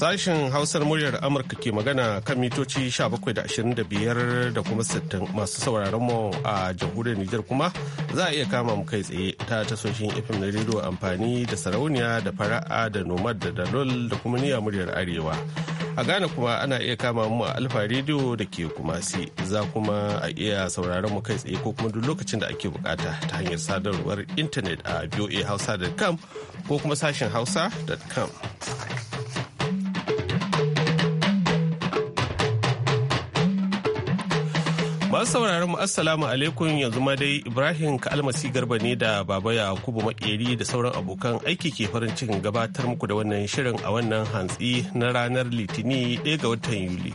Sashen Hausar muryar Amurka ke magana kan mitoci 17.25 da kuma 60 masu sauraron mu a jamhuriyar Nijar kuma za a iya kama mu kai tsaye ta tasoshin FM na rediyo amfani da sarauniya da fara'a da nomad da dalol da kuma niya muryar Arewa. A Ghana kuma ana iya kama mu a Alfa rediyo da ke kuma si za kuma a iya sauraron mu kai tsaye ko kuma duk lokacin da ake bukata ta hanyar sadarwar intanet a voahausa.com ko kuma sashen hausa.com. Masu sauraron mu assalamu alaikum yanzu ma dai Ibrahim Kalmasi Garba ne da Baba Yakubu Makeri da sauran abokan aiki ke farin cikin gabatar muku da wannan shirin a wannan hantsi na ranar Litini 1 ga watan Yuli.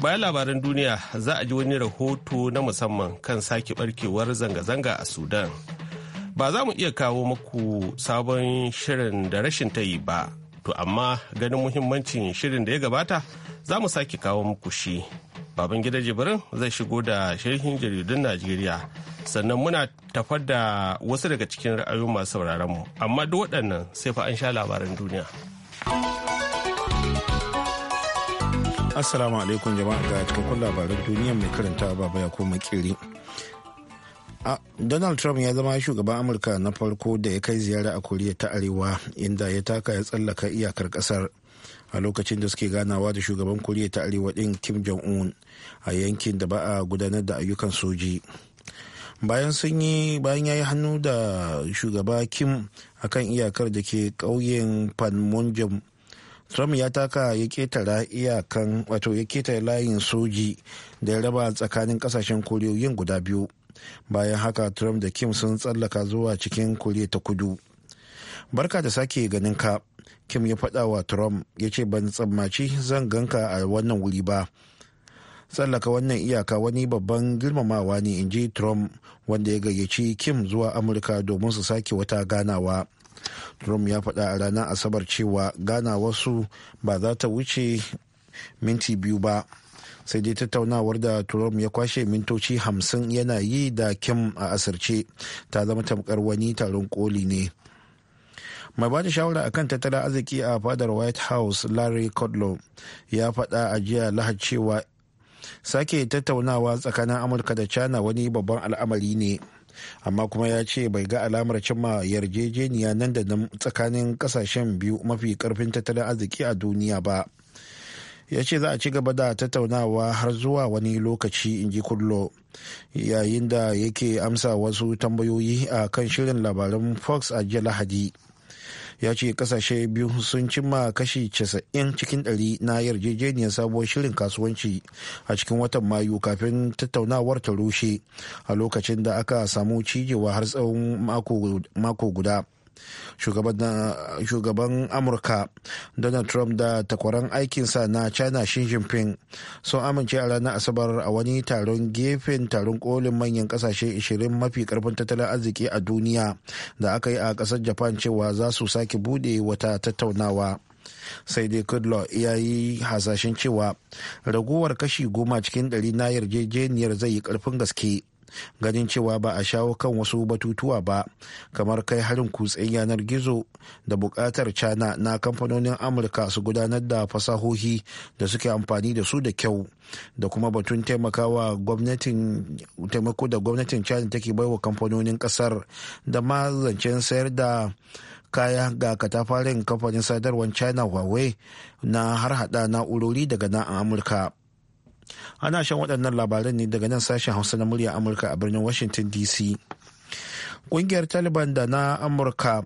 Bayan labaran duniya za a ji wani rahoto na musamman kan sake barkewar zanga-zanga a Sudan. Ba za mu iya kawo muku sabon shirin da rashin ta yi ba, to amma ganin muhimmancin shirin da ya gabata za mu sake kawo muku shi. baban gida jibirin zai shigo da sharhin jaridun najeriya sannan muna tafar da wasu daga cikin ra'ayoyin masu sauraron mu amma duk waɗannan sai fa an sha labaran duniya assalamu alaikum jama'a ga cikakkun labaran duniya mai karanta baba ya koma kiri donald trump ya zama shugaban amurka na farko da ya kai ziyara a koriya ta arewa inda ya taka ya tsallaka iyakar kasar a lokacin da suke ganawa da shugaban koriya ta arewa din kim jong-un a yankin da ba a gudanar da ayyukan soji bayan sun yi bayan ya yi hannu da shugaba kim kan iyakar da ke ƙauyen panmunjom trump ya taka ya ketara iyakan wato ya ketara layin soji da ya raba tsakanin kasashen koriyoyin guda biyu bayan haka trump da kim sun tsallaka zuwa cikin koriya ta kudu barka da sake ganin ka kim ya faɗa wa trump ya ce ban tsammaci zan ganka a wannan wuri ba tsallaka wannan iyaka wani babban girmamawa ne in ji trump wanda ya gayyaci kim zuwa amurka domin su sake wata ganawa trump ya faɗa a ranar asabar cewa ganawarsu ba za ta wuce minti biyu ba sai dai tattaunawar da trump ya kwashe mintoci hamsin yana yi da kim a asirce ta zama tamkar wani taron koli ne mai ba shawara akan tattalin arziki a fadar white house larry kudlow ya faɗa a jiya lahad cewa sake tattaunawa tsakanin amurka da china wani babban al'amari ne amma kuma ya ce bai ga alamar cimma yarjejeniya nan da nan tsakanin kasashen biyu mafi karfin tattalin arziki a duniya ba ya ce za a ci gaba da tattaunawa har zuwa wani lokaci in ji kullo yayin da yake amsa wasu tambayoyi a kan shirin labaran fox a jiya lahadi ya ce kasashe biyu sun cimma kashi 90 cikin ɗari na yarjejeniyar sabuwar shirin kasuwanci a cikin watan mayu kafin tattaunawar ta rushe a lokacin da aka samu cijewa har tsawon mako guda. shugaban amurka donald trump da takwaran aikinsa na china xi jinping sun amince a ranar asabar a wani taron gefen taron kolin manyan kasashe 20 mafi karfin tattalin arziki a duniya da aka yi a kasar japan cewa za su sake bude wata tattaunawa sai dai kudlow ya yi hasashen cewa ragowar kashi goma cikin ɗari na yarjejeniyar zai yi karfin gaske ganin cewa ba a shawo kan wasu batutuwa ba kamar kai harin kutsen yanar gizo da buƙatar china na kamfanonin amurka su gudanar da fasahohi da suke amfani da su da kyau da kuma batun taimakawa gwamnatin taimako da gwamnatin china take baiwa kamfanonin kasar da ma zancen sayar da kaya ga katafarin kamfanin sadarwar china huawei na har hada na'urori daga na amurka ana shan waɗannan labaran ne daga nan sashen hausa na murya amurka a birnin washington dc ƙungiyar taliban da na amurka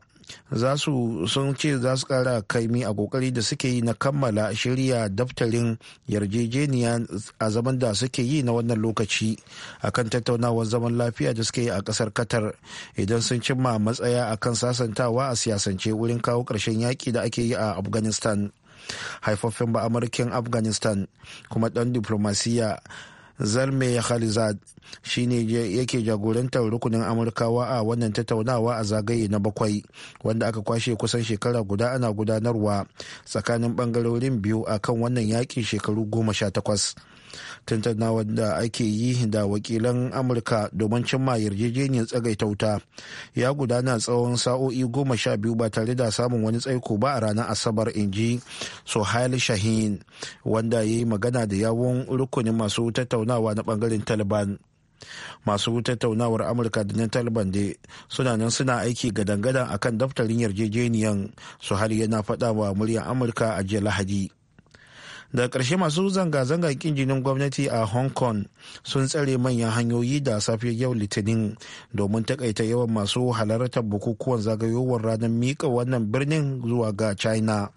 za su sun ce za su kara kaimi a kokari da suke yi na kammala shirya daftarin yarjejeniya a zaman da suke yi na wannan lokaci akan tattaunawar zaman lafiya da suke yi a ƙasar qatar idan sun cimma matsaya akan sasantawa a siyasance wurin kawo ƙarshen yaƙi da ake yi a afghanistan haifaffen ba afghanistan kuma ɗan diplomasiya zalme khalizad shine yake jagorantar rukunin amurkawa a wannan tattaunawa a zagaye na bakwai wanda aka kwashe kusan shekara guda ana gudanarwa tsakanin bangarorin biyu a kan wannan yaƙi shekaru goma sha takwas tattaunawa da ake yi da wakilan amurka domin cimma yarjejeniyar tsagaita wuta ya gudana tsawon sa'o'i goma sha biyu ba tare da samun wani tsaiko ba a ranar asabar in ji sohail shahin wanda ya yi magana da yawon rukunin masu tattaunawa na bangaren taliban masu tattaunawar amurka da na taliban da suna nan suna aiki gadangadan akan daftarin yarjejeniyan su har yana faɗa wa muryar amurka a jiya lahadi da ƙarshe masu zanga-zanga ƙinjinin gwamnati a hong kong sun tsare manyan hanyoyi da safiyar yau litinin domin takaita yawan masu halartar bukukuwan zagayowar ranar miƙa wannan birnin zuwa ga china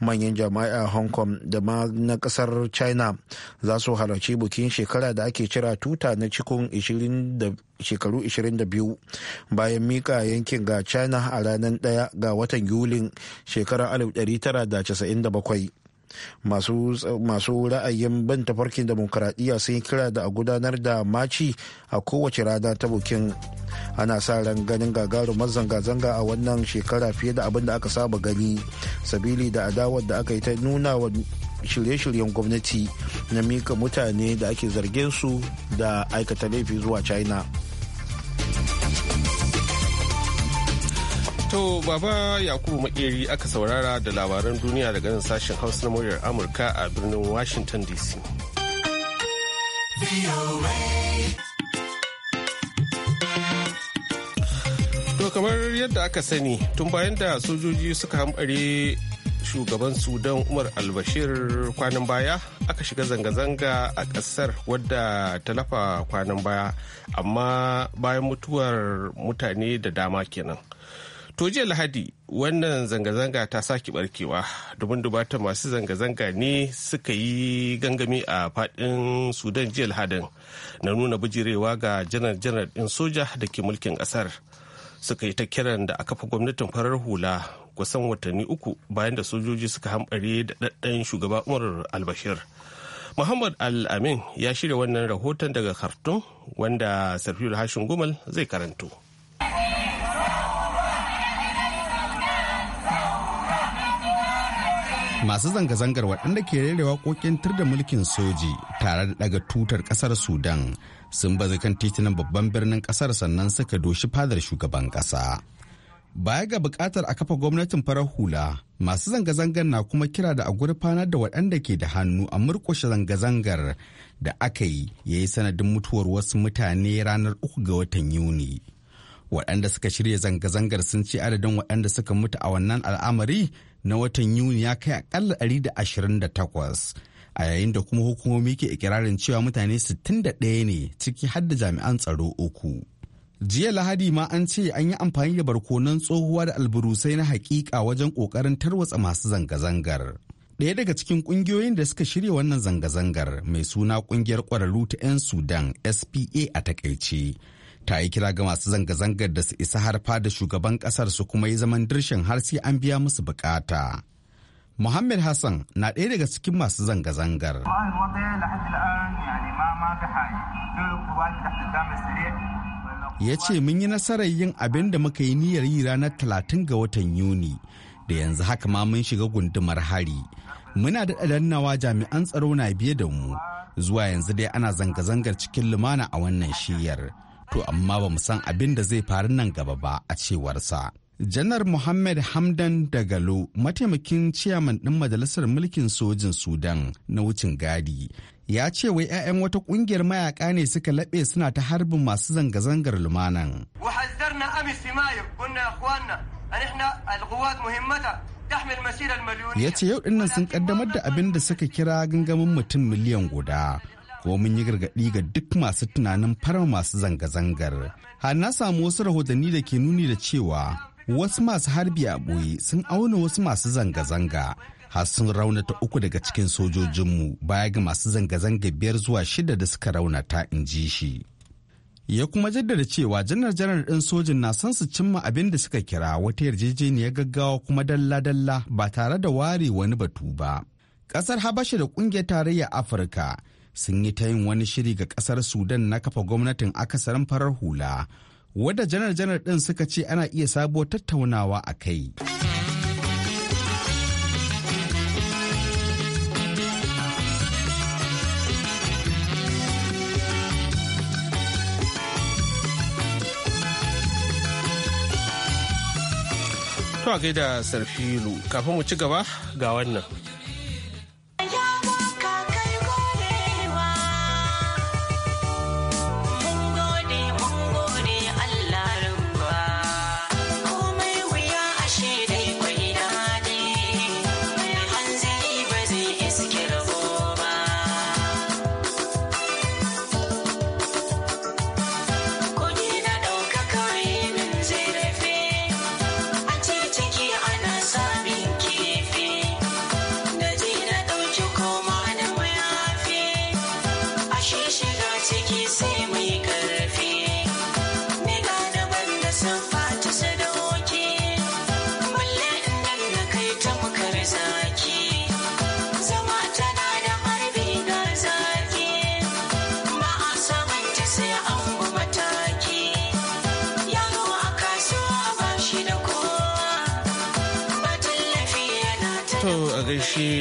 manyan jama'a hong kong da ma na kasar china za su halarci bukin shekara da ake cira tuta na cikin shekaru 22 bayan mika yankin ga china a ranar 1 ga watan yulin shekarar 1997 masu ra'ayin ban tafarkin demokuraɗiyya sun yi kira da a gudanar da maci a kowace rana ta bukin ana sa ran ganin gagarumar zanga-zanga a wannan shekara fiye da abin da aka saba gani sabili da adawar da aka yi ta nuna wa shirye-shiryen gwamnati na mika mutane da ake zargin su da aikata laifi zuwa china To baba Yakubu Makeri aka saurara da labaran duniya daga nan sashen Hausa na muryar Amurka a birnin Washington DC. To kamar yadda aka sani tun bayan da sojoji suka hamɓare shugaban Sudan Umar Albashir kwanan baya aka shiga zanga-zanga a ƙasar wadda ta lafa kwanan baya amma bayan mutuwar mutane da dama kenan. To jiya Lahadi wannan zanga-zanga ta sake barkewa domin dubata masu zanga-zanga ne suka yi gangami a fadin Sudan jiya Lahadin na nuna bijirewa ga janar-janar ɗin soja da ke mulkin ƙasar. Suka yi ta kiran da a kafa gwamnatin farar hula kusan watanni uku bayan da sojoji suka hamɓare da ɗaɗɗan shugaba Umar Albashir. Muhammad Al-Amin ya shirya wannan rahoton daga Khartoum wanda sarfiyar Hashin Gumal zai karanto. masu zanga-zangar waɗanda ke rere waƙoƙin tur da mulkin soji tare da daga tutar ƙasar sudan sun bazu kan titunan babban birnin ƙasar sannan suka doshi fadar shugaban ƙasa baya ga buƙatar a kafa gwamnatin farar hula masu zanga-zangar na kuma kira da a gurfanar da waɗanda ke da hannu a murƙushe zanga-zangar da aka yi ya yi sanadin mutuwar wasu mutane ranar uku ga watan yuni waɗanda suka shirya zanga-zangar sun ce adadin waɗanda suka mutu a wannan al'amari na watan Yuni ya kai akalla 128 a yayin da kuma hukumomi ke ikirarin cewa mutane sittin da ɗaya ne ciki har da jami'an tsaro uku. Jiya Lahadi ma an ce an yi amfani da barkonon tsohuwa da alburusai na hakika wajen kokarin tarwatsa masu zanga-zangar. Ɗaya daga cikin ƙungiyoyin da suka shirya wannan zanga-zangar mai suna ƙungiyar ƙwararru ta 'yan Sudan SPA a takaice ta yi kira ga masu zanga-zangar da su isa harfa da shugaban kasar su kuma yi zaman dirshin har sai an biya musu bukata. Muhammad Hassan na ɗaya daga cikin masu zanga-zangar. Ya ce mun yi nasarar yin abin da muka yi niyyar yi ranar talatin ga watan Yuni da yanzu haka ma mun shiga gundumar hari. Muna da dannawa jami'an tsaro na biye da mu zuwa yanzu dai ana zanga-zangar cikin lumana a wannan shiyar. to amma ba mu san abin da zai faru nan gaba ba a cewarsa. janar Muhammad Hamdan Dagalo mataimakin ciyaman ɗin majalisar mulkin sojin Sudan na wucin gadi ya ce wai 'ya'yan wata ƙungiyar mayaka ne suka laɓe suna ta harbin masu zanga-zangar lumanan. Ya ce yau ɗinnan sun ƙaddamar da abin da suka kira gangamin mutum miliyan guda kuma mun yi gargaɗi ga duk masu tunanin fara masu zanga-zangar. Har na samu wasu rahotanni da ke nuni da cewa wasu masu harbi a ɓoye sun auna wasu masu zanga-zanga har sun raunata uku daga cikin sojojinmu baya ga masu zanga-zanga biyar zuwa shida da suka raunata in ji shi. Ya kuma jaddada cewa janar-janar ɗin sojin na son su cimma abin da suka kira wata yarjejeniyar gaggawa kuma dalla-dalla ba tare da ware wani batu ba. Ƙasar Habasha da ƙungiyar tarayyar Afirka sun yi ta yin wani shiri ga kasar sudan na kafa gwamnatin akasarin farar hula wadda janar-janar ɗin suka ce ana iya sabo tattaunawa a kai To a gaida sarfilu kafin mu ci gaba ga wannan.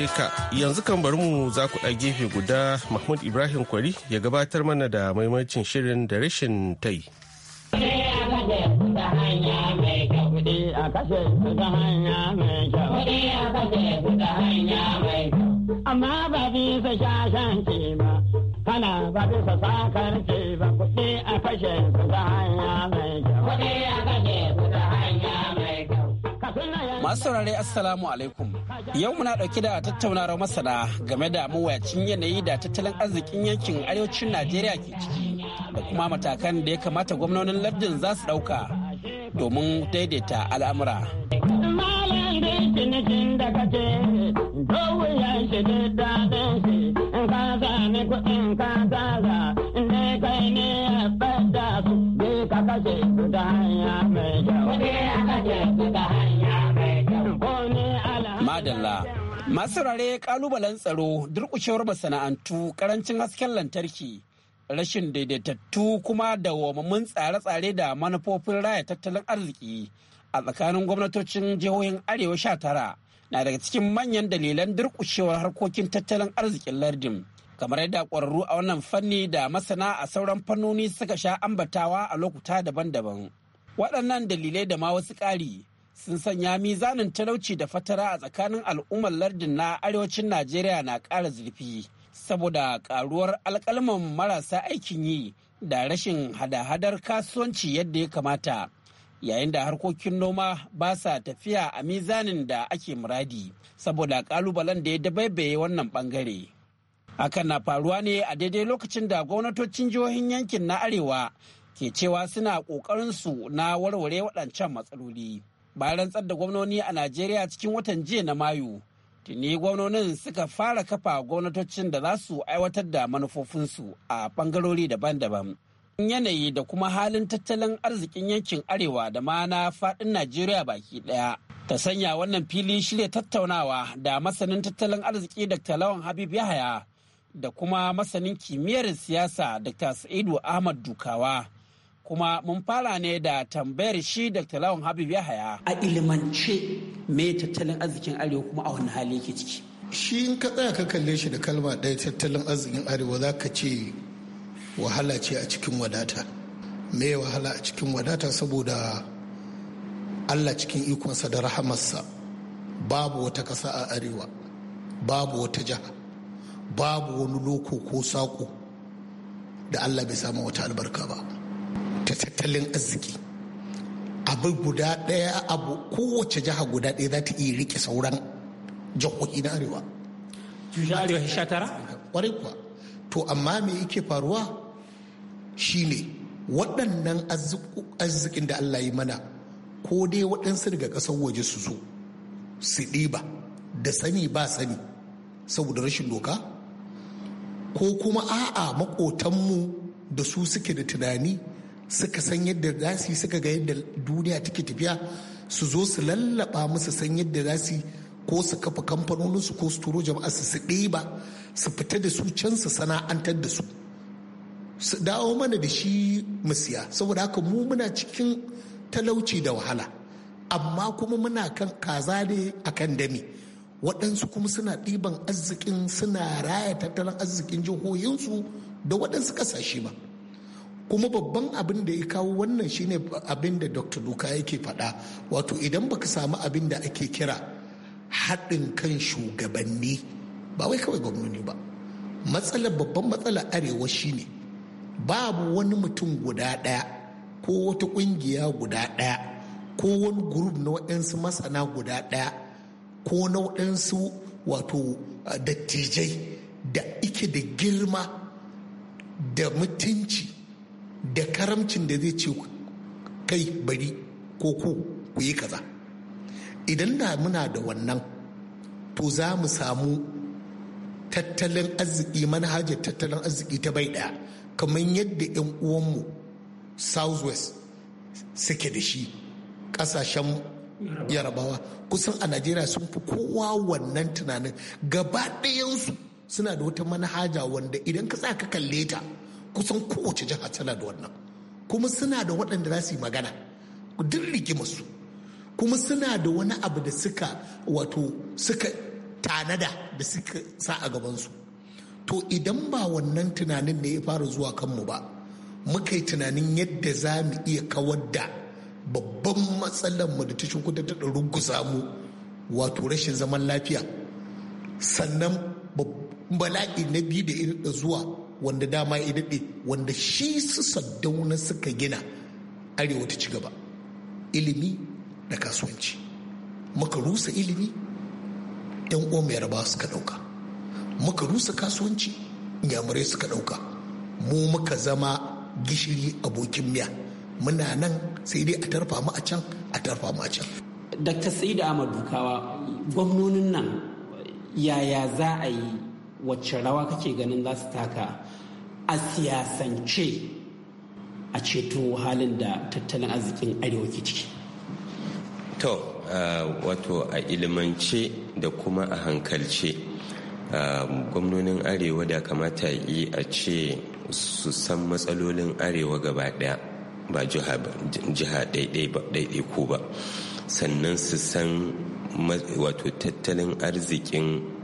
Afirka yanzu kan bari mu za ku ɗan gefe guda Mahmud Ibrahim Kwari ya gabatar mana da maimacin shirin da rashin tai. Amma ba bisa shashan ke ba, kana ba bisa sakar ke ba, kuɗi a kashe su ta hanya mai kyau. Kuɗi a kashe su ta hanya mai kyau. Masu saurare Assalamu alaikum. Yau muna ɗauke da tattaunawar masana game da mawuyacin yanayi da tattalin arzikin yankin arewacin Najeriya ke ciki da kuma matakan da ya kamata gwamnonin lardin za su ɗauka domin daidaita al'amura. Yeah. kashe su ta hanya mai kyau. Kuɗi a kashe su ta Allah. Masu kalubalen tsaro, durkushewar masana'antu, karancin hasken lantarki, rashin daidaitattu kuma da wamamin tsare-tsare da manufofin raya tattalin arziki a tsakanin gwamnatocin jihohin arewa sha tara na daga cikin manyan dalilan durkushewar harkokin tattalin arzikin lardin. kamar yadda ƙwararru a wannan fanni da masana a sauran fannoni suka sha ambatawa a lokuta daban-daban waɗannan dalilai da ma wasu ƙari sun sanya mizanin talauci da fatara a tsakanin al'ummar lardin na arewacin najeriya na ƙara zurfi saboda ƙaruwar alƙalman marasa aikin yi da rashin hada-hadar kasuwanci yadda ya kamata yayin da harkokin noma ba sa tafiya a mizanin da ake muradi saboda ƙalubalen da ya dabaibaye wannan bangare hakan na faruwa ne a daidai lokacin da gwamnatocin jihohin yankin na arewa ke cewa suna ƙoƙarinsu na warware waɗancan matsaloli. bayan rantsar da gwamnoni a najeriya cikin watan jiya na mayu tuni gwamnonin suka fara kafa gwamnatocin da za su aiwatar da manufofinsu a bangarori daban-daban yanayi da kuma halin tattalin arzikin yankin arewa da ma na faɗin najeriya baki ɗaya ta sanya wannan fili shirya tattaunawa da masanin tattalin arziki dr lawan habib yahaya da kuma masanin kimiyyar siyasa dr sa'idu ahmad dukawa kuma mun fara ne da tambayar shi da Lawan Habib ya haya. A ilimance me tattalin arzikin Arewa kuma a wani hali yake ciki? Shi in ka tsaya ka kalle shi da kalma ɗaya tattalin arzikin Arewa za ka ce wahala ce a cikin wadata. Me wahala a cikin wadata saboda Allah cikin ikonsa da rahamarsa babu wata ƙasa a Arewa, babu wata jiha, babu wani loko ko saƙo da Allah bai samu wata albarka ba. ta tattalin arziki abu guda ɗaya abu kowace jiha guda ɗaya za ta iya rike sauran jihohi na arewa arewa kwarai to amma me yake faruwa shine waɗannan arzikin da allah yi mana ko dai waɗansu daga ƙasar waje su zo su ɗiba da sani ba sani saboda rashin doka ko kuma a'a maƙotanmu da su suke da tunani suka san yadda za su yi suka ga yadda duniya take tafiya su zo su lallaba musu san yadda za su ko su kafa su ko su turo jama'a su su ɗeba su fita da su can su sana'antar da su su dawo mana da shi mu siya saboda haka mu muna cikin talauci da wahala amma kuma muna kan kaza ne a kan dami waɗansu kuma suna ɗiban arzikin suna raya tattalin arzikin jihohinsu da waɗansu ƙasashe ba. kuma babban abin da ya kawo wannan shine abin da dr luka yake faɗa wato idan baka samu abin da ake kira haɗin kan shugabanni ba wai kawai gwamnoni ba matsalar babban matsalar arewa shine babu wani mutum guda ɗaya ko wata ƙungiya guda ɗaya ko wani gurub na waɗansu masana guda ɗaya ko na waɗansu wato eh, dattijai da ike da girma da mutunci da karamcin da zai ce kai bari ko ku ku yi kaza idan da muna da wannan to za mu samu tattalin arziki manhajar tattalin arziki ta bai daya kamar yadda 'yan uwanmu southwest suke da shi kasashen yarabawa kusan a najeriya sun fi kowa wannan tunanin gaba ɗayansu suna da wata manhaja wanda idan ka tsaka ka kalle ta kusan kowace jiha tana da wannan kuma suna da waɗanda za su yi magana duk rigimarsu kuma suna da wani abu da suka wato suka tanada da suka sa a gabansu to idan ba wannan tunanin ne ya fara zuwa kanmu ba muka yi tunanin yadda za mu iya kawar da babban matsalar mu da ta shukuta ta rugusa mu wato rashin zaman lafiya sannan bala'i na biyu da irin da zuwa wanda dama ya daɗe wanda shi su saddauna suka gina arewa ta ci gaba ilimi da kasuwanci muka rusa ilimi yan uwan raba suka ɗauka muka rusa kasuwanci yamurai suka ɗauka mu muka zama gishiri abokin miya muna nan sai dai a tarfa mu a can a tarfa mu a can Dr. Sa'id Ahmad gwamnonin nan yaya za a yi wacce rawa kake ganin za su taka a siyasance a ceto halin da tattalin arzikin arewa ke ciki to wato a ilimance da kuma a hankalce gwamnonin arewa da kamata yi a ce su san matsalolin arewa gaba daya ba jiha daidai ko ba sannan su san wato tattalin arzikin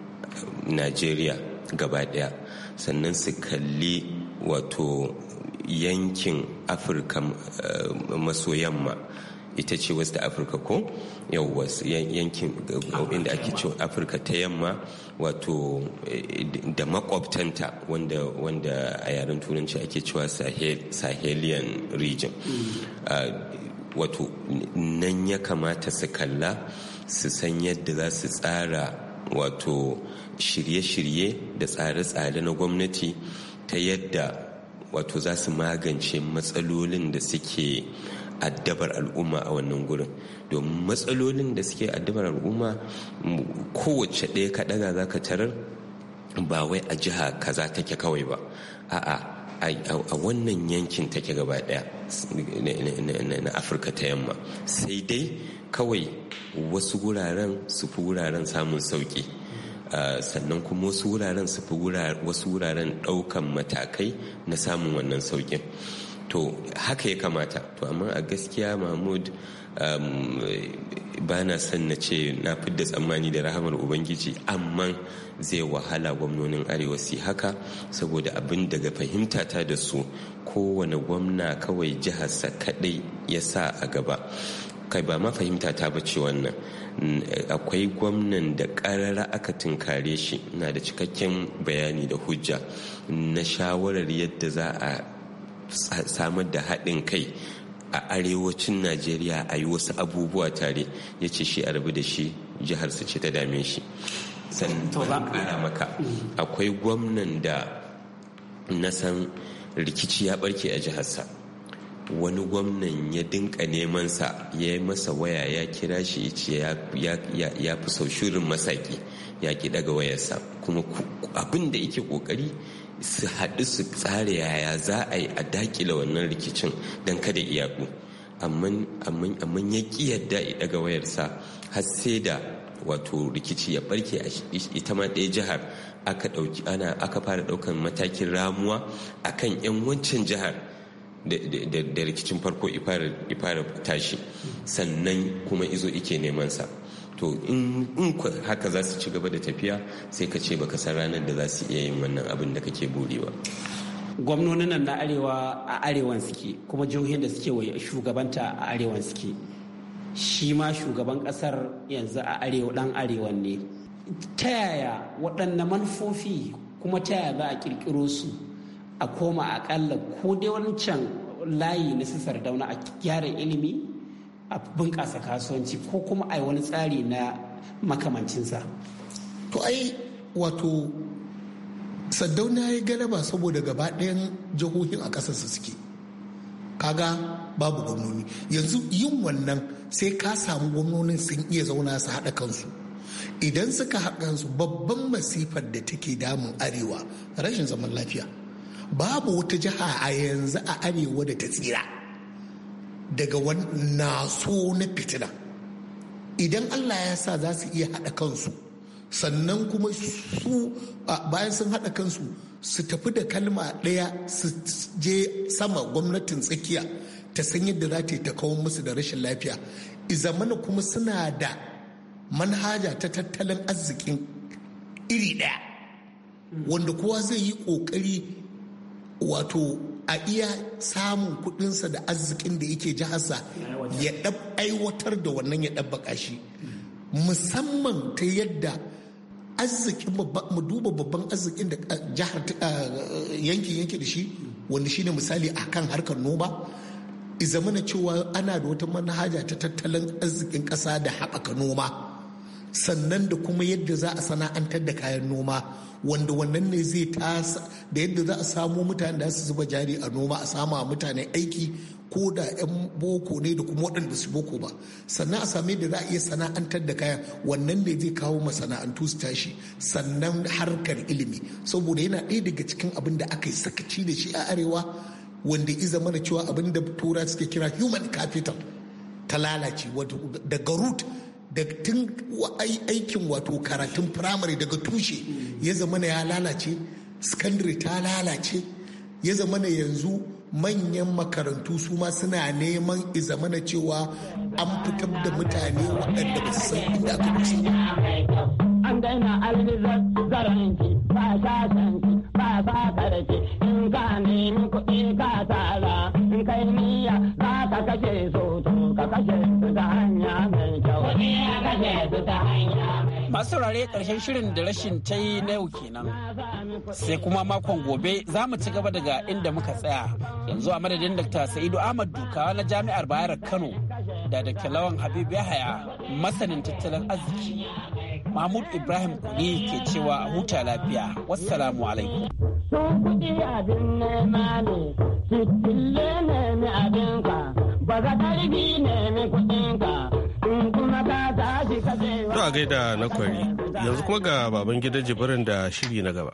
najeriya gaba daya sannan su kalli wato yankin afirka eh, maso yamma ita ce west Afirka ko yawwa yankin eh, inda ake ce afirka ta yamma wato eh, da makwabtanta wanda, a yaren turanci ake cewa sahelian region wato nan ya kamata su kalla su san yadda za su tsara wato shirye-shirye da tsare-tsare na gwamnati ta yadda wato za su magance matsalolin da suke addabar al'umma a wannan gurin domin matsalolin da suke addabar al'umma kowace ɗaya kaɗaga za ka tarar ba wai a jiha kaza take kawai ba a'a a wannan yankin take gaba ɗaya na afirka ta yamma sai dai kawai wasu wuraren su fi wuraren samun sauƙi sannan kuma wasu wuraren su fi wasu wuraren ɗaukan matakai na samun wannan saukin to haka ya kamata to amma a gaskiya mahmud ba na son na ce na fidda tsammani da rahamar ubangiji amma zai wahala gwamnonin arewa su haka saboda abin daga fahimtata da su kowane gwamna kawai jiharsa kadai ya sa a gaba kai ba ma fahimta ta bace wannan akwai gwamnan da karara aka tunkare shi na da cikakken bayani da hujja na shawarar yadda za a samar da haɗin kai a arewacin najeriya a yi wasu abubuwa tare ya ce shi a rabu da shi jiharsa ce ta dame shi sannan maka akwai gwamnan da na san rikici ya barke a jiharsa wani gwamnan ya dinka neman sa ya yi masa waya ya kira shi ya ce ya fi sau shirin masaki ya ki daga wayarsa kuma abin da yake kokari su haɗu su tsara yaya za a yi a dakila wannan rikicin don kada iyaku amma ya ƙi yadda ya daga wayarsa har sai da wato rikici ya barke a ita ma ɗaya jihar aka fara ɗaukan matakin ramuwa akan 'yan wancan jihar da rikicin farko ifara tashi sannan kuma izo ike neman sa to in haka za su ci gaba da tafiya sai ka ce baka san ranar da za su iya yin wannan abin da kake burewa gwamnonin nan na arewa a arewan suke kuma jihohin da suke shugabanta a arewan suke shi ma shugaban kasar yanzu a arewa dan arewan ne ta yaya waɗanne manufofi kuma ta yaya za a ƙirƙiro su a koma akalla ko dai wancan layi na su dauna a gyara ilimi a bunƙasa kasuwanci ko kuma a wani tsari na makamancinsa to ai wato Saddauna ya galaba saboda gaba ɗayan jihohin a ƙasarsa suke kaga babu gwamnoni yanzu yin wannan sai ka samu gwamnonin sun iya zauna su haɗa kansu idan suka haɗa kansu babban masifar da take damun arewa rashin zaman lafiya babu wata jiha a yanzu a arewa da ta tsira daga wani so na fitina idan allah ya sa za su iya haɗa kansu sannan kuma su bayan sun haɗa kansu su tafi da kalma ɗaya su je sama gwamnatin tsakiya ta san yadda za ta yi ta kawo musu da rashin lafiya izamana kuma suna da manhaja ta tattalin arzikin iri ɗaya wanda kowa zai yi ƙoƙari wato a iya samun kudinsa da arzikin da yake jiharsa ya ɗab aiwatar da wannan ya ɗab shi musamman ta yadda arzikin mu duba babban arzikin da jihar yankin yanki da shi wanda shine misali a kan harkar noma izamana cewa ana da wata manhaja ta tattalin arzikin ƙasa da haɓaka noma sannan da kuma yadda za a sana'antar da kayan noma wanda wannan ne zai tasa da yadda za a samu mutane da su zuba jari a noma a sama mutane aiki ko da 'yan boko ne da kuma waɗanda su boko ba sannan a same da za a iya sana'antar da kayan wannan ne zai kawo masana'antu su tashi sannan harkar ilimi saboda yana ɗaya daga cikin abin da aka yi sakaci da shi a arewa wanda iza mana cewa abin da tura suke kira human capital ta lalace wato daga root da tun aikin wato karatun firamare daga tushe ya zamana ya lalace secondary ta lalace ya zamana yanzu manyan makarantu su ma suna neman izamana cewa an fitar da mutane waɗanda ba su san inda aka kusa an daina alhizar zaranki ba shashanki ba fatarki in ka nemi kuɗi ka tara in kai niyya za ka kashe so to ka kashe su Masu saurare ƙarshen shirin da rashin ta yi na yau kenan. Sai kuma makon gobe za mu ci gaba daga inda muka tsaya. Yanzu a madadin Dr. Sa'idu Ahmad Dukawa na Jami'ar Bayar Kano da da Kilawan Habib Yahaya masanin tattalin arziki. Mahmud Ibrahim Kuni ke cewa a huta lafiya. Wassalamu alaikum. Ba za ne mi kuɗinka, To a gaida na kwari yanzu kuma ga baban gida jibirin da shiri na gaba.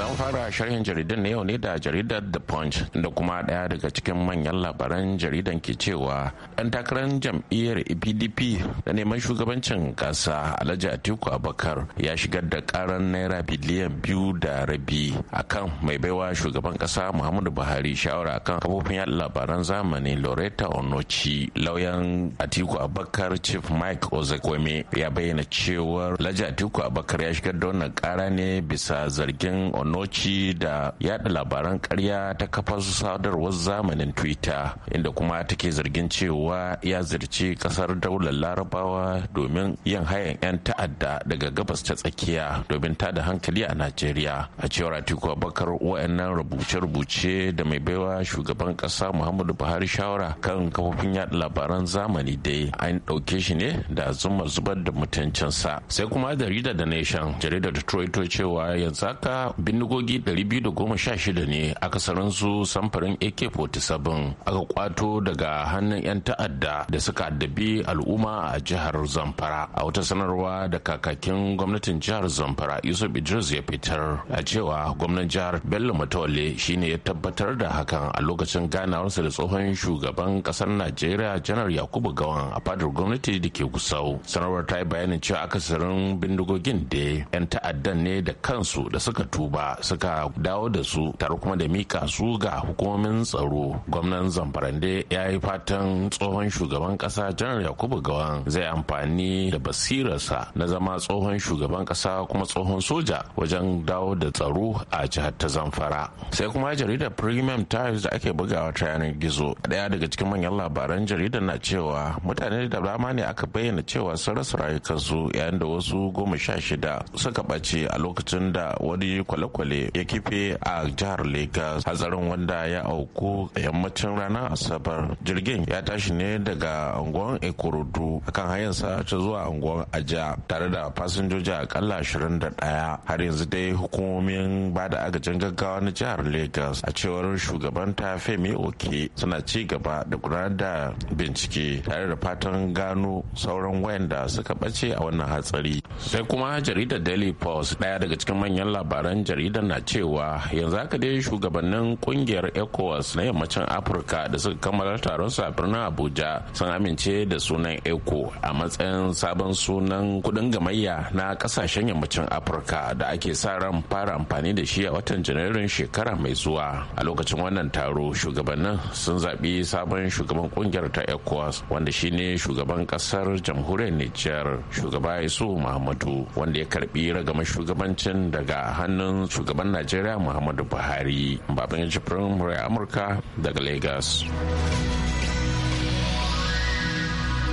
Zan fara sharhin jaridan na yau ne da jaridar The Punch da kuma ɗaya daga cikin manyan labaran jaridan ke cewa dan takarar jam'iyyar PDP da neman shugabancin ƙasa Alhaji Atiku Abakar ya shigar da karan naira biliyan biyu da rabi akan mai baiwa shugaban ƙasa Muhammadu Buhari shawara akan kafofin yaɗa labaran zamani Loretta Onochi lauyan Atiku Abakar Chief Mike Ozekweme ya bayyana cewar Alhaji Atiku Abakar ya shigar da wannan kara ne bisa zargin barnoci da yada labaran karya ta kafar sadarwar zamanin twitter inda kuma take zargin cewa ya zirci kasar daular larabawa domin yin hayan 'yan ta'adda daga gabas ta tsakiya domin ta da hankali a najeriya a cewar atiku abakar wa'annan rubuce-rubuce da mai baiwa shugaban kasa muhammadu buhari shawara kan kafofin yada labaran zamani dai an ɗauke shi ne da zuma zubar da mutuncinsa sai kuma jaridar da nation jaridar detroit cewa yanzu haka bin bindigogi 216 ne akasarin su samfarin AK-47 aka kwato daga hannun 'yan ta'adda da suka addabi al'umma a jihar Zamfara. A wata sanarwa da kakakin gwamnatin jihar Zamfara Yusuf Idris ya fitar a cewa gwamnan jihar Bello Matawalle shine ya tabbatar da hakan a lokacin ganawarsa da tsohon shugaban kasar Najeriya Janar Yakubu Gawan a fadar gwamnati da ke Gusau. Sanarwar ta yi bayanin cewa akasarin bindigogin da 'yan ta'addan ne da kansu da suka tuba suka dawo da su tare kuma da mika su ga hukumomin tsaro gwamnan zamfarande ya yi fatan tsohon shugaban kasa jan yakubu gawan zai amfani da basirarsa na zama tsohon shugaban kasa kuma tsohon soja wajen dawo da tsaro a jihar ta zamfara sai kuma jaridar premium times da ake bugawa ta yanar gizo daya daga cikin manyan labaran jaridar na cewa mutane da dama ne aka bayyana cewa sun rasa rayukansu yayin da wasu goma sha shida suka ɓace a lokacin da wani kwale kwale ya kife a jihar lagos Hatsarin wanda ya auku a yammacin ranar Asabar. Jirgin ya tashi ne daga unguwar Ikorodu akan sa ta zuwa unguwar Aja tare da fasinjoji akalla 21. Har yanzu dai hukumomin ba da agajin gaggawa na jihar lagos a cewar shugaban shugabanta Femi Oke suna ci gaba da gudanar da bincike tare da fatan gano sauran wayanda suka bace a wannan hatsari. Sai kuma jaridar Daily Post ɗaya daga cikin manyan labaran jaridar jaridar na cewa yanzu haka dai shugabannin kungiyar ecowas na yammacin afirka da suka kammala taron su a birnin abuja sun amince da sunan eco a matsayin sabon sunan kudin gamayya na kasashen yammacin afirka da ake sa ran fara amfani da shi a watan janairun shekara mai zuwa a lokacin wannan taro shugabannin sun zaɓi sabon shugaban kungiyar ta ecowas wanda shine shugaban kasar jamhuriyar nijar shugaba isu muhammadu wanda ya karbi ragamar shugabancin daga hannun shugaban najeriya muhammadu buhari baban yanci firamare amurka daga lagos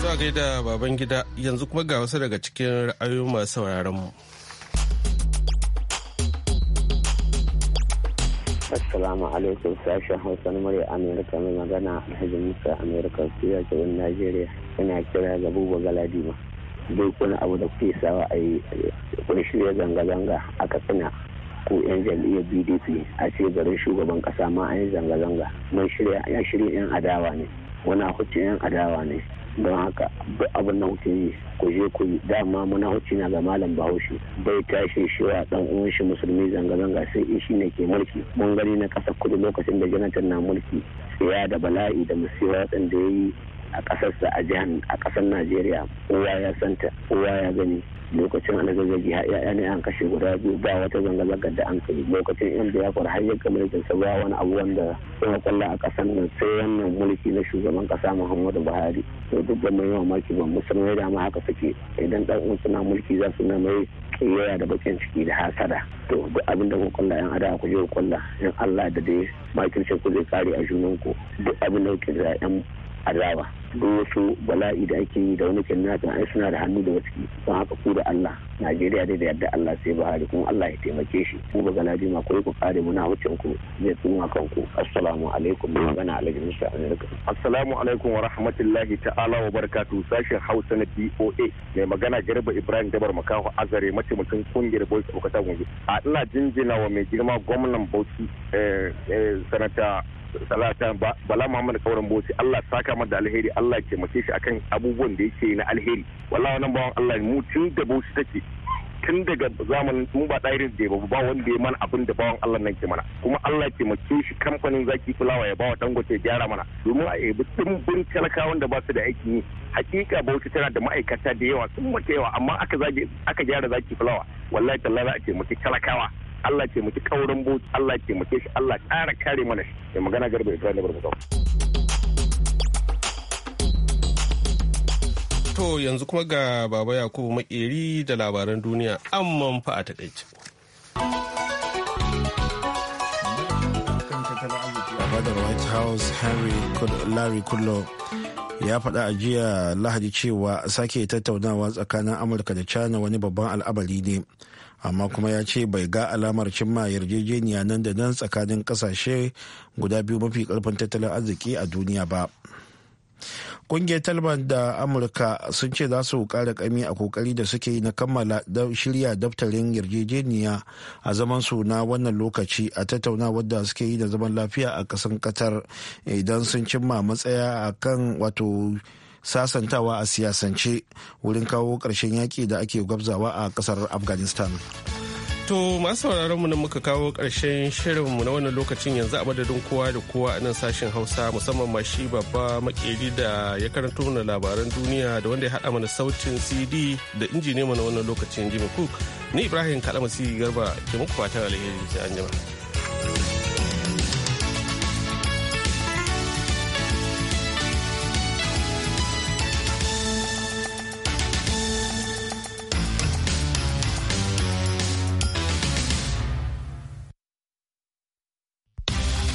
za gaida baban gida yanzu kuma ga wasu daga cikin ra'ayoyin masu sauraron mu Assalamu alaikum sashen Hausa na murya Amerika mai magana Alhaji Musa Amerika Suya wani Najeriya yana kira ga Buba Galadima. Duk wani abu da kuke sawa a yi shirya zanga-zanga a Katsina ko 'yan jam'iyyar bdp a ce garin shugaban kasa ma an yi zanga-zanga mun shirya ya shirya 'yan adawa ne wani hucin 'yan adawa ne don haka duk abin da kuke yi ku je ku yi dama muna huci na ga malam bahaushe bai tashi shi wa dan uwan shi musulmi zanga-zanga sai shi ne ke mulki mun gani na kasa kudu lokacin da janatan na mulki tsaya da bala'i da musiwa waɗanda ya yi a ƙasarsa a jihar a ƙasar najeriya kowa ya santa kowa ya gani lokacin ana zazzagi ya ne an kashe guda biyu ba wata zanga-zangar da an kai lokacin yan biyafar har yanka mulkin sa ba wani abu wanda sun kwalla a ƙasar nan sai wannan mulki na shugaban ƙasa muhammadu buhari to duk da mai mamaki ba musulmai da ma haka suke idan ɗan uwan suna mulki za su na mai kiyaya da bakin ciki da hasada to duk abin da ku kwalla yan ada ku je ku kwalla in allah da dai makircin ku zai kare a junanku duk abin da ku da yan adawa da wasu bala'i da ake yi da wani na ai suna da hannu da wasu don haka ku da Allah Najeriya dai da yarda Allah sai Buhari kuma Allah ya taimake shi ku ba galabi ma ku ku kare muna wucin ku zai tsuma kanku assalamu alaikum mu gana alaikum musa amerika assalamu alaikum wa rahmatullahi ta'ala wa barakatuh sashin Hausa na BOA mai magana Garba Ibrahim Dabar Makaho Azare mace mutum kungiyar Bauchi Bukata Gombe a ina jinjina wa mai girma gwamnan Bauchi eh, eh, sanata salatan bala muhammad kauran bosi allah saka mata da alheri allah ke mace shi akan abubuwan da yake na alheri wallahi wannan bawan allah mu tun da bosi take tun daga zamanin mu ba dairin da ba ba wanda ya mana abin da bawan Allah nan ke mana kuma Allah ke mace shi kamfanin zaki fulawa ya bawa dangote gyara mana domin a ebi dimbin talakawan da ba su da aikin yi hakika bauchi tana da ma'aikata da yawa sun mace yawa amma aka gyara zaki fulawa wallahi tallahi za a ce mace talakawa Allah ke muke kaurin boci Allah ke muke shi Allah ƙara kare mana shi da magana garba Ibrahim Barbuka To yanzu kuma ga Baba Yakubu Makeri da labaran duniya amman fa a taƙaice. white house henry larry kudlow ya faɗa a jiya lahadi cewa sake tattaunawa tsakanin amurka da china wani babban al'amari ne amma kuma ya ce bai ga alamar cimma yarjejeniya nan da nan tsakanin kasashe guda biyu mafi karfin tattalin arziki a duniya ba kungiyar taliban da amurka sun ce za su kara kami a kokari da suke yi na kammala shirya daftarin yarjejeniya a zaman su na wannan lokaci a tattaunawar da suke yi da zaman lafiya a kasan qatar idan sun cimma matsaya a kan wato sasantawa a siyasance wurin kawo karshen yaƙi da ake gwabzawa a kasar afghanistan To masu sauraron mu nan muka kawo ƙarshen shirinmu na wannan lokacin yanzu a madadin kowa da kowa a nan sashen Hausa musamman ma shi babba makeri da ya karanto mana labaran duniya da wanda ya haɗa mana sautin CD da injini mana wannan lokacin Jimmy Cook. Ni Ibrahim Kalamasi Garba ke muku fatan alheri sai anjima.